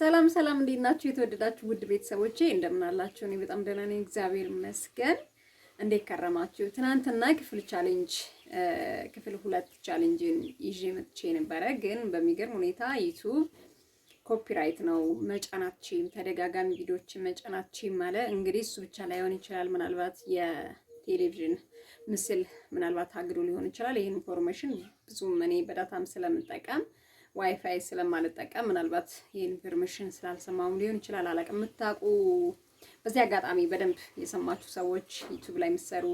ሰላም ሰላም፣ እንዴት ናችሁ? የተወደዳችሁ ውድ ቤተሰቦቼ እንደምን አላችሁ? እኔ በጣም ደህና ነኝ፣ እግዚአብሔር ይመስገን። እንዴት ከረማችሁ? ትናንትና ክፍል ቻሌንጅ ክፍል ሁለት ቻሌንጅን ይዤ መጥቼ ነበረ፣ ግን በሚገርም ሁኔታ ዩቱብ ኮፒራይት ነው መጫናችም፣ ተደጋጋሚ ቪዲዮችን መጫናችም አለ። እንግዲህ እሱ ብቻ ላይሆን ይችላል፣ ምናልባት የቴሌቪዥን ምስል ምናልባት አግዶ ሊሆን ይችላል። ይህን ኢንፎርሜሽን ብዙም እኔ በዳታም ስለምጠቀም ዋይፋይ ስለማልጠቀም ምናልባት የኢንፎርሜሽን ስላልሰማሁም ሊሆን ይችላል። አላቅ የምታውቁ በዚህ አጋጣሚ በደንብ የሰማችሁ ሰዎች ዩቱብ ላይ የምትሰሩ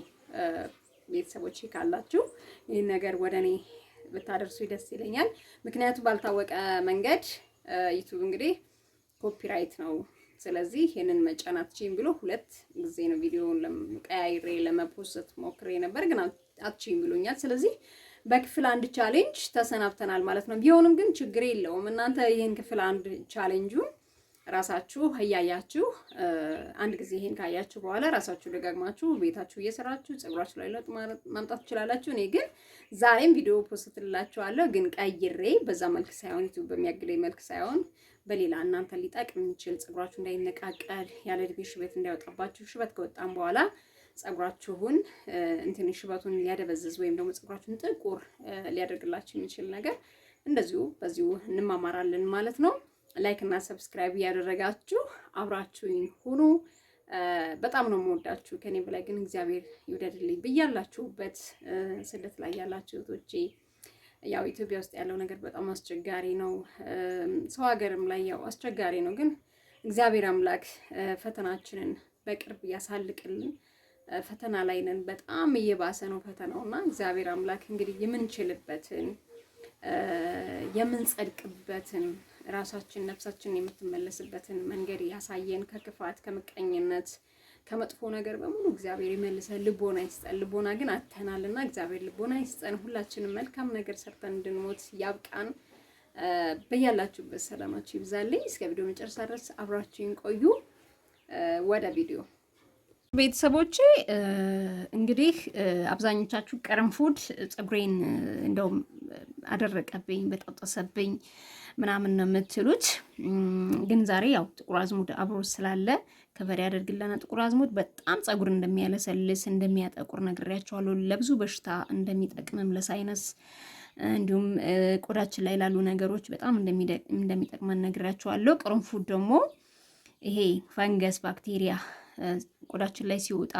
ቤተሰቦች ካላችሁ ይህን ነገር ወደ እኔ ብታደርሱ ደስ ይለኛል። ምክንያቱም ባልታወቀ መንገድ ዩቱብ እንግዲህ ኮፒራይት ነው። ስለዚህ ይህንን መጫናት ችም ብሎ ሁለት ጊዜ ነው ቪዲዮውን ቀያይሬ ለመፖስት ሞክሬ ነበር፣ ግን አትችም ብሎኛል። ስለዚህ በክፍል አንድ ቻሌንጅ ተሰናብተናል ማለት ነው። ቢሆንም ግን ችግር የለውም። እናንተ ይህን ክፍል አንድ ቻሌንጁን ራሳችሁ እያያችሁ አንድ ጊዜ ይህን ካያችሁ በኋላ ራሳችሁ ደጋግማችሁ ቤታችሁ እየሰራችሁ ጸጉራችሁ ላይ ለውጥ ማምጣት ትችላላችሁ። እኔ ግን ዛሬም ቪዲዮ ፖስት ግን ቀይሬ በዛ መልክ ሳይሆን ዩቱብ በሚያግደኝ መልክ ሳይሆን በሌላ እናንተ ሊጠቅም የሚችል ጸጉራችሁ እንዳይነቃቀል ያለ እድሜ ሽበት እንዳይወጣባችሁ ሽበት ከወጣም በኋላ ጸጉራችሁን እንትን ሽበቱን ሊያደበዝዝ ወይም ደግሞ ጸጉራችሁን ጥቁር ሊያደርግላችሁ የሚችል ነገር እንደዚሁ በዚሁ እንማማራለን ማለት ነው። ላይክ እና ሰብስክራይብ እያደረጋችሁ አብራችሁኝ ሁኑ። በጣም ነው የምወዳችሁ። ከኔ በላይ ግን እግዚአብሔር ይውደድልኝ ብያላችሁበት ስደት ላይ ያላችሁ እህቶቼ ያው ኢትዮጵያ ውስጥ ያለው ነገር በጣም አስቸጋሪ ነው። ሰው ሀገርም ላይ ያው አስቸጋሪ ነው። ግን እግዚአብሔር አምላክ ፈተናችንን በቅርብ ያሳልቅልን። ፈተና ላይ ነን። በጣም እየባሰ ነው ፈተናውና እግዚአብሔር አምላክ እንግዲህ የምንችልበትን የምንጸድቅበትን ራሳችን ነፍሳችን የምትመለስበትን መንገድ ያሳየን። ከክፋት ከምቀኝነት፣ ከመጥፎ ነገር በሙሉ እግዚአብሔር ይመልሰን፣ ልቦና ይስጠን። ልቦና ግን አጥተናልና እግዚአብሔር ልቦና ይስጠን። ሁላችንም መልካም ነገር ሰርተን እንድንሞት ያብቃን። በያላችሁበት ሰላማችሁ ይብዛልኝ። እስከ ቪዲዮ መጨረሻ ድረስ አብራችሁን ቆዩ። ወደ ቪዲዮ ቤተሰቦቼ እንግዲህ አብዛኞቻችሁ ቅርንፉድ ፀጉሬን እንደውም አደረቀብኝ በጣጠሰብኝ ምናምን ነው የምትሉት። ግን ዛሬ ያው ጥቁር አዝሙድ አብሮ ስላለ ከበሬ ያደርግልና ጥቁር አዝሙድ በጣም ፀጉር እንደሚያለሰልስ እንደሚያጠቁር ነግሬያቸዋለሁ። ለብዙ በሽታ እንደሚጠቅምም ለሳይነስ እንዲሁም ቆዳችን ላይ ላሉ ነገሮች በጣም እንደሚጠቅመን ነግሬያቸዋለሁ። ቅርንፉድ ደግሞ ይሄ ፈንገስ ባክቴሪያ ቆዳችን ላይ ሲወጣ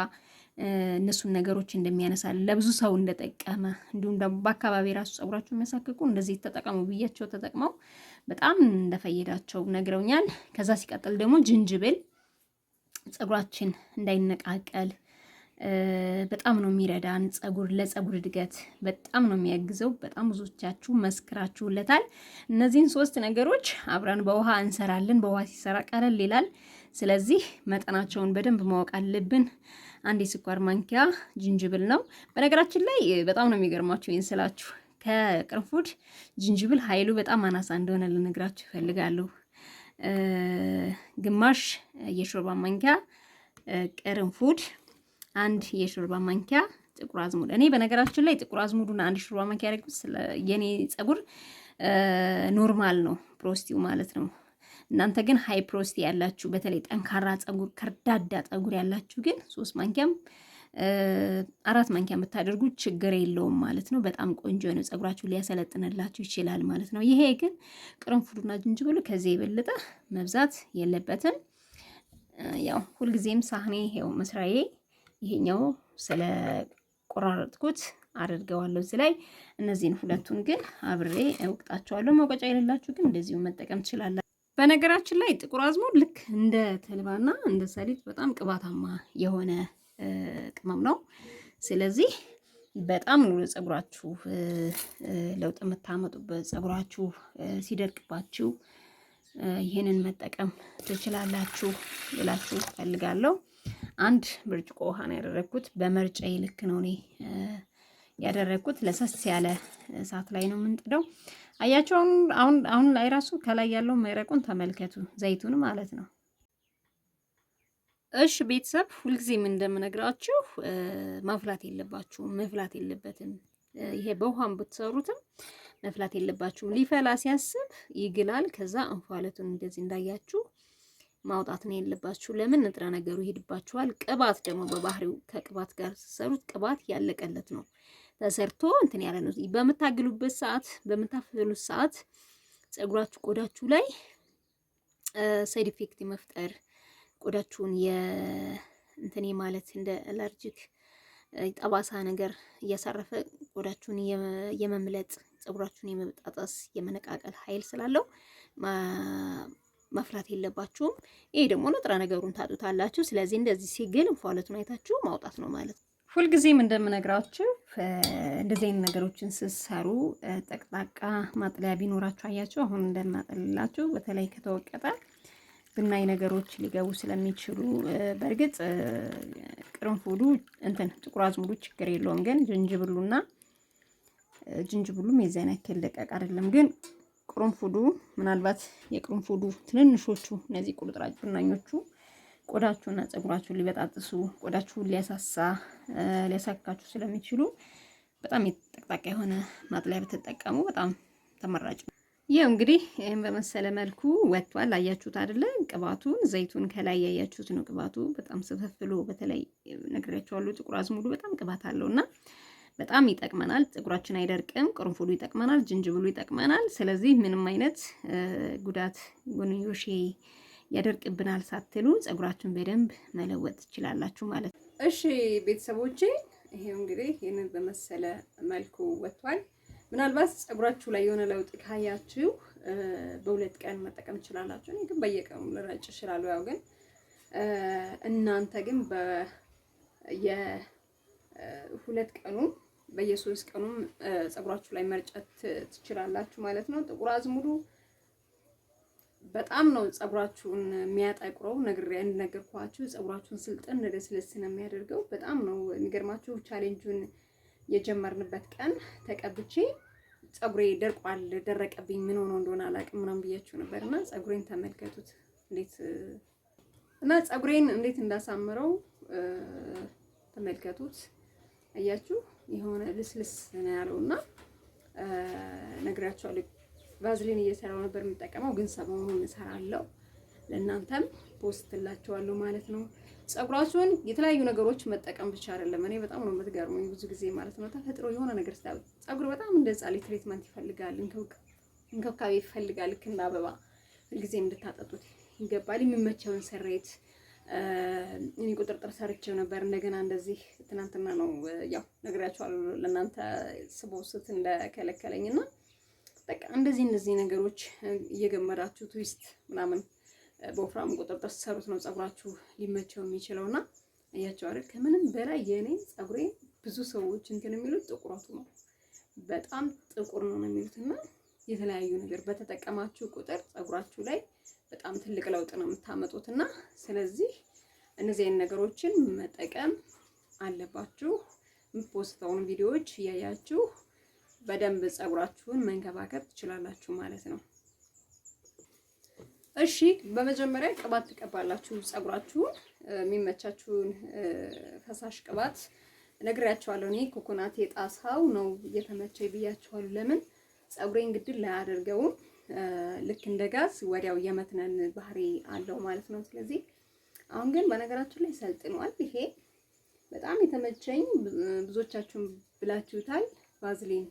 እነሱን ነገሮች እንደሚያነሳል ለብዙ ሰው እንደጠቀመ እንዲሁም ደግሞ በአካባቢ ራሱ ጸጉራቸው የሚያሳክቁ እንደዚህ ተጠቀሙ ብያቸው ተጠቅመው በጣም እንደፈየዳቸው ነግረውኛል። ከዛ ሲቀጥል ደግሞ ጅንጅብል ጸጉራችን እንዳይነቃቀል በጣም ነው የሚረዳን። ጸጉር ለጸጉር እድገት በጣም ነው የሚያግዘው። በጣም ብዙቻችሁ መስክራችሁለታል። እነዚህን ሶስት ነገሮች አብረን በውሃ እንሰራለን። በውሃ ሲሰራ ቀለል ይላል። ስለዚህ መጠናቸውን በደንብ ማወቅ አለብን። አንድ የስኳር ማንኪያ ጅንጅብል ነው። በነገራችን ላይ በጣም ነው የሚገርማችሁ ይህን ስላችሁ ከቅርንፉድ ጅንጅብል ኃይሉ በጣም አናሳ እንደሆነ ልነግራችሁ ይፈልጋለሁ። ግማሽ የሾርባ ማንኪያ ቅርንፉድ፣ አንድ የሾርባ ማንኪያ ጥቁር አዝሙድ። እኔ በነገራችን ላይ ጥቁር አዝሙዱና አንድ ሾርባ ማንኪያ ያደረግኩት የኔ ጸጉር ኖርማል ነው፣ ፕሮስቲው ማለት ነው እናንተ ግን ሃይፕሮስቲ ያላችሁ በተለይ ጠንካራ ጸጉር፣ ከርዳዳ ጸጉር ያላችሁ ግን ሶስት ማንኪያም አራት ማንኪያ የምታደርጉ ችግር የለውም ማለት ነው። በጣም ቆንጆ ነው፣ ጸጉራችሁ ሊያሰለጥንላችሁ ይችላል ማለት ነው። ይሄ ግን ቅርንፉድና ዝንጅብል ከዚህ የበለጠ መብዛት የለበትም። ያው ሁልጊዜም ሳህኔ ይሄው መስሪያዬ ይሄኛው ስለ ቆራረጥኩት አድርገዋለሁ እዚህ ላይ እነዚህን ሁለቱን ግን አብሬ እውቅጣቸዋለሁ። መውቀጫ የሌላችሁ ግን እንደዚሁ መጠቀም ትችላለ በነገራችን ላይ ጥቁር አዝሙድ ልክ እንደ ተልባና እንደ ሰሊጥ በጣም ቅባታማ የሆነ ቅመም ነው። ስለዚህ በጣም ነው ለጸጉራችሁ ለውጥ የምታመጡበት። ጸጉራችሁ ሲደርቅባችሁ ይህንን መጠቀም ትችላላችሁ ብላችሁ ፈልጋለሁ። አንድ ብርጭቆ ውሃ ነው ያደረግኩት። በመርጫዬ ልክ ነው እኔ ያደረግኩት። ለሰስ ያለ እሳት ላይ ነው የምንጥደው። አያቸው። አሁን አሁን ላይ ራሱ ከላይ ያለው መረቁን ተመልከቱ፣ ዘይቱን ማለት ነው። እሺ ቤተሰብ ሁልጊዜም እንደምነግራችሁ ማፍላት የለባችሁም፣ መፍላት የለበትም። ይሄ በውሃም ብትሰሩትም መፍላት የለባችሁም። ሊፈላ ሲያስብ ይግላል። ከዛ እንፋሎቱን እንደዚህ እንዳያችሁ ማውጣት ነው የለባችሁ። ለምን ንጥረ ነገሩ ይሄድባችኋል። ቅባት ደግሞ በባህሪው ከቅባት ጋር ስትሰሩት ቅባት ያለቀለት ነው። ተሰርቶ እንትን ያለ ነው። በምታግሉበት ሰዓት፣ በምታፈሉት ሰዓት ጸጉራችሁ ቆዳችሁ ላይ ሳይድ ኢፌክት የመፍጠር ቆዳችሁን እንትን ማለት እንደ አለርጂክ ጠባሳ ነገር እያሳረፈ ቆዳችሁን የመምለጥ ጸጉራችሁን የመበጣጠስ የመነቃቀል ኃይል ስላለው መፍራት የለባችሁም። ይሄ ደግሞ ንጥረ ነገሩን ታጡታላችሁ። ስለዚህ እንደዚህ ሲግል እንፋሎቱን አይታችሁ ማውጣት ነው ማለት ነው። ሁልጊዜም እንደምነግራችሁ እንደዚህ አይነት ነገሮችን ስትሰሩ ጠቅጣቃ ማጥለያ ቢኖራችሁ አያችሁ። አሁን እንደማጠልላችሁ በተለይ ከተወቀጠ ብናኝ ነገሮች ሊገቡ ስለሚችሉ በእርግጥ ቅርንፉዱ እንትን ጥቁር አዝሙዱ ችግር የለውም፣ ግን ጅንጅብሉና ጅንጅብሉም የዚያን ያክል ደቀቅ አይደለም። ግን ቅርንፉዱ ምናልባት የቅርንፉዱ ትንንሾቹ እነዚህ ቁርጥራጭ ብናኞቹ ቆዳችሁና ፀጉራችሁን ሊበጣጥሱ ቆዳችሁን ሊያሳሳ ሊያሳካችሁ ስለሚችሉ በጣም ጠቅጣቃ የሆነ ማጥለያ ብትጠቀሙ በጣም ተመራጭ ነው። እንግዲህ ይህም በመሰለ መልኩ ወጥቷል። አያችሁት አይደለ? ቅባቱን ዘይቱን ከላይ ያያችሁት ነው። ቅባቱ በጣም ስፈፍሎ በተለይ ነግሬያችኋለሁ። ጥቁር አዝሙዱ በጣም ቅባት አለው እና በጣም ይጠቅመናል። ፀጉራችን አይደርቅም። ቅርንፉሉ ይጠቅመናል። ዝንጅብሉ ይጠቅመናል። ስለዚህ ምንም አይነት ጉዳት ጎንዮሼ ያደርቅብናል ሳትሉ ጸጉራችሁን በደንብ መለወጥ ትችላላችሁ ማለት ነው። እሺ ቤተሰቦቼ ይሄው እንግዲህ ይህንን በመሰለ መልኩ ወጥቷል። ምናልባት ጸጉራችሁ ላይ የሆነ ለውጥ ካያችሁ በሁለት ቀን መጠቀም ትችላላችሁ። እኔ ግን በየቀኑ ልረጭ እችላለሁ። ያው ግን እናንተ ግን በየሁለት ቀኑ በየሶስት ቀኑም ጸጉራችሁ ላይ መርጨት ትችላላችሁ ማለት ነው። ጥቁር አዝሙዱ በጣም ነው ፀጉራችሁን የሚያጠቁረው። ነግሬ እንደነገርኳችሁ ፀጉራችሁን ስልጥን ስልስ ነው የሚያደርገው። በጣም ነው የሚገርማችሁ። ቻሌንጁን የጀመርንበት ቀን ተቀብቼ ፀጉሬ ደርቋል፣ ደረቀብኝ፣ ምን ሆኖ እንደሆነ አላውቅም ምናምን ብያችሁ ነበር እና ፀጉሬን ተመልከቱት እንዴት እና ጸጉሬን እንዴት እንዳሳምረው ተመልከቱት። አያችሁ የሆነ ልስልስ ነው ያለው እና ነግራችኋለሁ ቫዝሊን እየሰራው ነበር የምጠቀመው፣ ግን ሰሞኑን እሰራለሁ። ለእናንተም ፖስትላችኋለሁ ማለት ነው። ጸጉራችሁን የተለያዩ ነገሮች መጠቀም ብቻ አይደለም። እኔ በጣም ነው የምትገርመኝ ብዙ ጊዜ ማለት ነው። ተፈጥሮ የሆነ ነገር ስላ ጸጉር በጣም እንደ ጻሌ ትሬትመንት ይፈልጋል፣ እንክብካቤ ይፈልጋል። ልክ እንደ አበባ ሁልጊዜ እንድታጠጡት ይገባል። የሚመቸውን ስሬት እኔ ቁጥርጥር ሰርቼው ነበር። እንደገና እንደዚህ ትናንትና ነው ያው ነግሬያቸዋለሁ ለእናንተ ስቦስት እንደከለከለኝና በቃ እንደዚህ እነዚህ ነገሮች እየገመዳችሁ ትዊስት ምናምን በወፍራም ቁጥርጥር ሲሰሩት ነው ጸጉራችሁ ሊመቸው የሚችለው እና እያቸው አይደል። ከምንም በላይ የእኔ ጸጉሬ ብዙ ሰዎች እንትን የሚሉት ጥቁረቱ ነው። በጣም ጥቁር ነው ነው የሚሉት እና የተለያዩ ነገር በተጠቀማችሁ ቁጥር ጸጉራችሁ ላይ በጣም ትልቅ ለውጥ ነው የምታመጡት እና ስለዚህ እነዚህ አይነት ነገሮችን መጠቀም አለባችሁ። የምፖስተውን ቪዲዮዎች እያያችሁ በደንብ ጸጉራችሁን መንከባከብ ትችላላችሁ ማለት ነው። እሺ በመጀመሪያ ቅባት ትቀባላችሁ። ጸጉራችሁን የሚመቻችሁን ፈሳሽ ቅባት ነግሬያቸዋለሁ። እኔ ኮኮናት የጣሳው ነው እየተመቸ ብያቸዋለሁ። ለምን ጸጉሬን ግድል ላያደርገውም ልክ እንደ ጋዝ ወዲያው የመትነን ባህሪ አለው ማለት ነው። ስለዚህ አሁን ግን በነገራችን ላይ ሰልጥኗል። ይሄ በጣም የተመቸኝ ብዙዎቻችሁን ብላችሁታል ቫዝሊን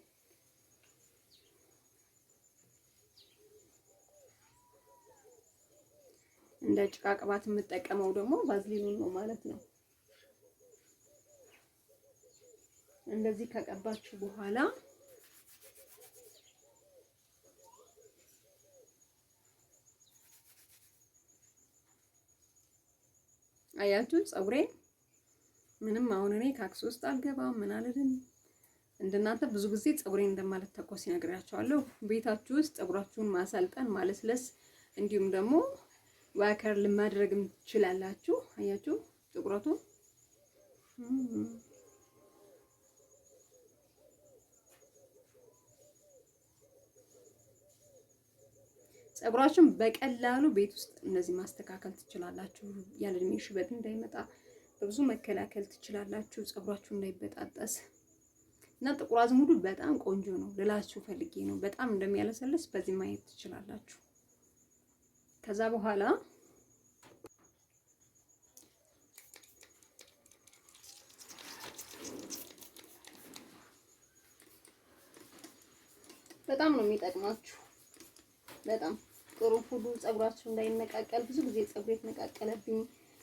እንደ ጭቃ ቅባት የምጠቀመው ደግሞ ቫዝሊኑን ነው ማለት ነው። እንደዚህ ከቀባችሁ በኋላ አያችሁ ፀጉሬ ምንም አሁን እኔ ካክስ ውስጥ አልገባም ምን አልልም። እንደናንተ ብዙ ጊዜ ፀጉሬን እንደማልተኮስ ይነግራቸዋለሁ። ቤታችሁ ውስጥ ፀጉራችሁን ማሳልጠን ማለስለስ፣ እንዲሁም ደግሞ ዋከር ማድረግም ትችላላችሁ። አያችሁ ጥቁረቱ ጸጉራችሁን በቀላሉ ቤት ውስጥ እነዚህ ማስተካከል ትችላላችሁ። ያለ እድሜ ሽበት እንዳይመጣ በብዙ መከላከል ትችላላችሁ። ጸጉራችሁ እንዳይበጣጠስ እና ጥቁር አዝሙዱ በጣም ቆንጆ ነው ልላችሁ ፈልጌ ነው። በጣም እንደሚያለሰልስ በዚህ ማየት ትችላላችሁ። ከዛ በኋላ በጣም ነው የሚጠቅማችሁ። በጣም ጥሩ ሁሉ ፀጉራችሁ እንዳይነቃቀል። ብዙ ጊዜ ፀጉር የተነቃቀለብኝ።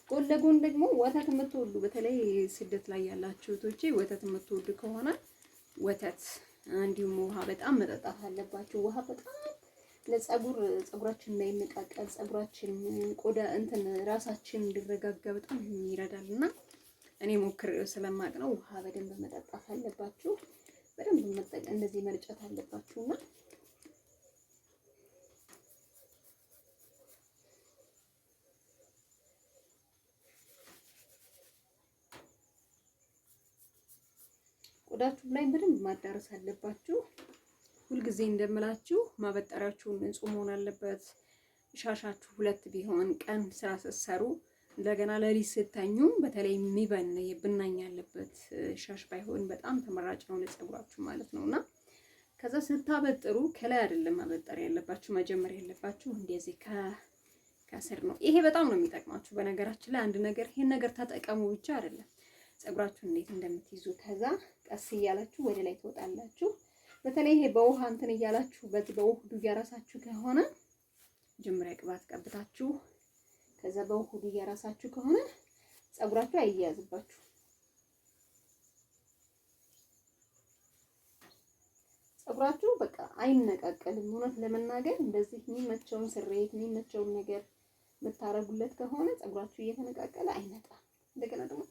ጎን ለጎን ደግሞ ወተት የምትወዱ በተለይ ስደት ላይ ያላችሁ እህቶቼ ወተት የምትወዱ ከሆነ ወተት እንዲሁም ውሃ በጣም መጠጣት አለባችሁ። ውሃ በጣም ለፀጉር ፀጉራችን እንዳይነቃቀል ፀጉራችን ቆዳ እንትን ራሳችን እንዲረጋጋ በጣም ይረዳል እና እኔ ሞክር ስለማቅ ነው። ውሃ በደንብ መጠጣት አለባችሁ። በደንብ መጠቀም እንደዚህ መርጨት አለባችሁና ቆዳችሁ ላይ በደንብ ማዳረስ አለባችሁ። ሁልጊዜ እንደምላችሁ ማበጠሪያችሁን ንጹህ መሆን አለበት። ሻሻችሁ ሁለት ቢሆን ቀን ስራ ስትሰሩ እንደገና ለሊት ስተኙ በተለይ የሚበን ብናኝ ያለበት ሻሽ ባይሆን በጣም ተመራጭ ነው ለፀጉራችሁ ማለት እና ከዛ ስታበጥሩ ከላይ አይደለም ማበጠር ያለባችሁ መጀመር ያለባችሁ እንደዚህ ከስር ነው። ይሄ በጣም ነው የሚጠቅማችሁ። በነገራችን ላይ አንድ ነገር ይሄን ነገር ተጠቀሙ ብቻ አይደለም ፀጉራችሁን እንዴት እንደምትይዙ ከዛ ቀስ እያላችሁ ወደ ላይ ትወጣላችሁ። በተለይ ይሄ በውሃ እንትን እያላችሁ በዚህ በውህዱ እያራሳችሁ ከሆነ ጅምሪያ ቅባት ቀብታችሁ ከዛ በውህዱ እያራሳችሁ ከሆነ ጸጉራችሁ አይያያዝባችሁ። ጸጉራችሁ በቃ አይነቃቀልም። እውነት ለመናገር እንደዚህ የሚመቸውን ስሬት የሚመቸውን ነገር የምታረጉለት ከሆነ ጸጉራችሁ እየተነቃቀለ አይነጣም። እንደገና ደግሞ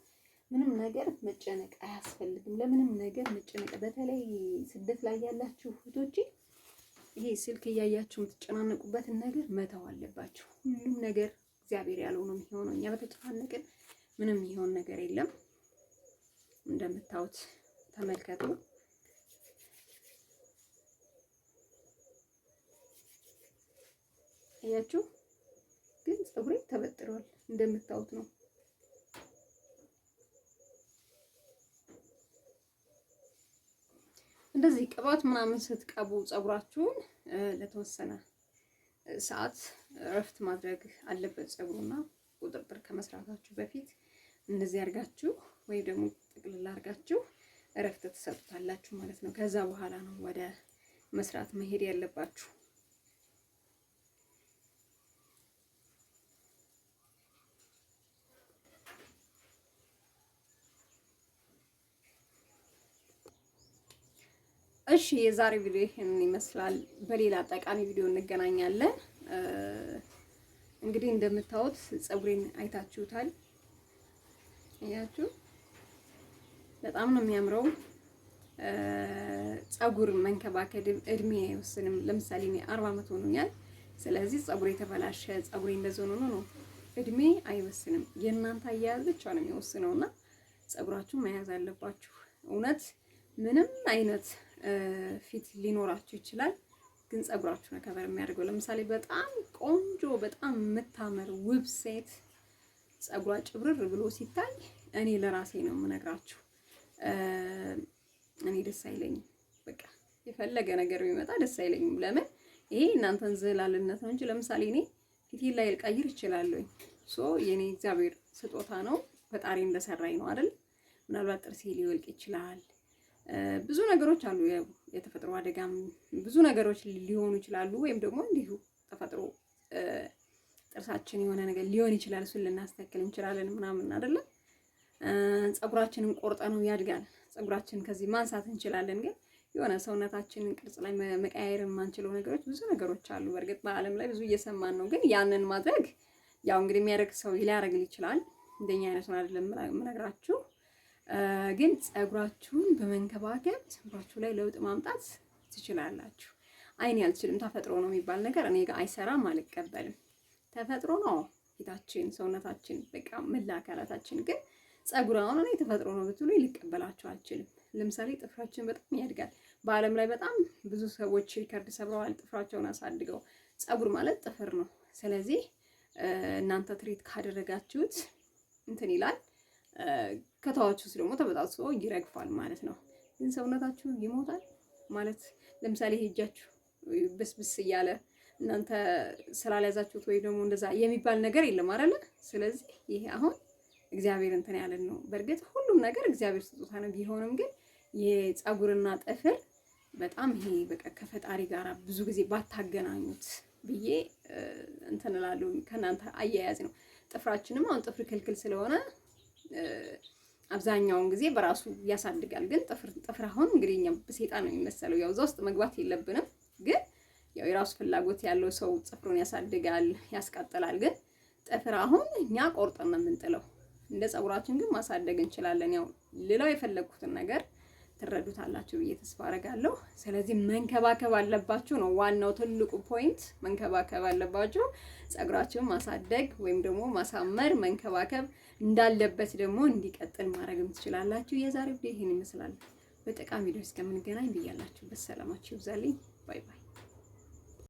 ምንም ነገር መጨነቅ አያስፈልግም። ለምንም ነገር መጨነቅ በተለይ ስደት ላይ ያላችሁ እህቶች ይሄ ስልክ እያያችሁ የምትጨናነቁበትን ነገር መተው አለባችሁ። ሁሉም ነገር እግዚአብሔር ያለው ነው የሚሆነው። እኛ በተጨናነቅን ምንም የሚሆን ነገር የለም። እንደምታዩት ተመልከቱ። አያችሁ ግን ፀጉሬ ተበጥሯል እንደምታዩት ነው። እንደዚህ ቅባት ምናምን ስትቀቡ ጸጉራችሁን ለተወሰነ ሰዓት እረፍት ማድረግ አለበት። ፀጉሩና ቁጥርጥር ከመስራታችሁ በፊት እንደዚህ አርጋችሁ ወይ ደግሞ ጥቅልል አርጋችሁ እረፍት ትሰጡታላችሁ ማለት ነው። ከዛ በኋላ ነው ወደ መስራት መሄድ ያለባችሁ። እሺ የዛሬ ቪዲዮ ይሄንን ይመስላል። በሌላ ጠቃሚ ቪዲዮ እንገናኛለን። እንግዲህ እንደምታዩት ፀጉሬን አይታችሁታል። አያችሁ፣ በጣም ነው የሚያምረው። ፀጉር መንከባከድ እድሜ አይወስንም። ለምሳሌ እኔ አርባ አመት ሆኖኛል። ስለዚህ ፀጉሬ የተበላሸ ፀጉሬ እንደዚህ ሆኖ ነው እድሜ አይወስንም። የእናንተ አያያዝ ብቻ ነው እና ፀጉራችሁን መያዝ አለባችሁ እውነት ምንም አይነት ፊት ሊኖራችሁ ይችላል፣ ግን ጸጉራችሁ ነው ከበር የሚያደርገው። ለምሳሌ በጣም ቆንጆ በጣም የምታምር ውብ ሴት ጸጉሯ ጭብርር ብሎ ሲታይ እኔ ለራሴ ነው የምነግራችሁ፣ እኔ ደስ አይለኝም። በቃ የፈለገ ነገር የሚመጣ ደስ አይለኝም። ለምን ይሄ እናንተን ዝላልነት ነው እንጂ ለምሳሌ እኔ ፊቴን ላይ ልቀይር ይችላለሁ። ሶ የኔ እግዚአብሔር ስጦታ ነው፣ ፈጣሪ እንደሰራኝ ነው አይደል? ምናልባት ጥርሴ ሊወልቅ ይችላል ብዙ ነገሮች አሉ። የተፈጥሮ አደጋም ብዙ ነገሮች ሊሆኑ ይችላሉ። ወይም ደግሞ እንዲሁ ተፈጥሮ ጥርሳችን የሆነ ነገር ሊሆን ይችላል። እሱን ልናስተካክል እንችላለን ምናምን አይደለም። ፀጉራችንን ቆርጠ ነው ያድጋል። ፀጉራችንን ከዚህ ማንሳት እንችላለን። ግን የሆነ ሰውነታችንን ቅርጽ ላይ መቀያየር የማንችለው ነገሮች ብዙ ነገሮች አሉ። በእርግጥ በዓለም ላይ ብዙ እየሰማን ነው። ግን ያንን ማድረግ ያው እንግዲህ የሚያደርግ ሰው ሊያደርግ ይችላል። እንደኛ አይነት አይደለም የምነግራችሁ ግን ፀጉራችሁን በመንከባከብ ጸጉራችሁ ላይ ለውጥ ማምጣት ትችላላችሁ። አይኔ አልችልም ተፈጥሮ ነው የሚባል ነገር እኔ ጋር አይሰራም፣ አልቀበልም። ተፈጥሮ ነው ፊታችን፣ ሰውነታችን፣ በቃ መላ አካላታችን። ግን ፀጉር አሁን እኔ ተፈጥሮ ነው ብትሉ ልቀበላችሁ አልችልም። ለምሳሌ ጥፍራችን በጣም ያድጋል። በዓለም ላይ በጣም ብዙ ሰዎች ሪከርድ ሰብረዋል፣ ጥፍራቸውን አሳድገው። ፀጉር ማለት ጥፍር ነው። ስለዚህ እናንተ ትሪት ካደረጋችሁት እንትን ይላል ከተዋችሁ ደግሞ ተበጣጥሶ ይረግፋል ማለት ነው። ግን ሰውነታችሁ ይሞታል ማለት ለምሳሌ ሄጃችሁ ብስብስ እያለ እናንተ ስላልያዛችሁት ወይ ደግሞ እንደዛ የሚባል ነገር የለም አይደለ? ስለዚህ ይሄ አሁን እግዚአብሔር እንትን ያለን ነው። በእርግጥ ሁሉም ነገር እግዚአብሔር ስጦታ ነው። ቢሆንም ግን የፀጉርና ጥፍር በጣም ይሄ በቃ ከፈጣሪ ጋር ብዙ ጊዜ ባታገናኙት ብዬ እንትን እላለሁ። ከእናንተ አያያዝ ነው። ጥፍራችንም አሁን ጥፍር ክልክል ስለሆነ አብዛኛውን ጊዜ በራሱ ያሳድጋል። ግን ጥፍር አሁን እንግዲህ እኛ ነው የሚመሰለው። ያው እዛ ውስጥ መግባት የለብንም ግን ያው የራሱ ፍላጎት ያለው ሰው ጥፍሩን ያሳድጋል፣ ያስቀጥላል። ግን ጥፍር አሁን እኛ ቆርጠን ነው የምንጥለው። እንደ ፀጉራችን ግን ማሳደግ እንችላለን። ያው ሌላው የፈለግኩትን ነገር ትረዱታላችሁ ብዬ ተስፋ አደርጋለሁ። ስለዚህ መንከባከብ አለባችሁ ነው ዋናው ትልቁ ፖይንት፣ መንከባከብ አለባችሁ። ጸጉራችሁን ማሳደግ ወይም ደግሞ ማሳመር መንከባከብ እንዳለበት ደግሞ እንዲቀጥል ማድረግም ትችላላችሁ። የዛሬው ይህን ይመስላል። በጠቃሚ ቪዲዮ እስከምንገናኝ ብያላችሁ፣ በሰላማችሁ ይብዛልኝ። ባይ ባይ።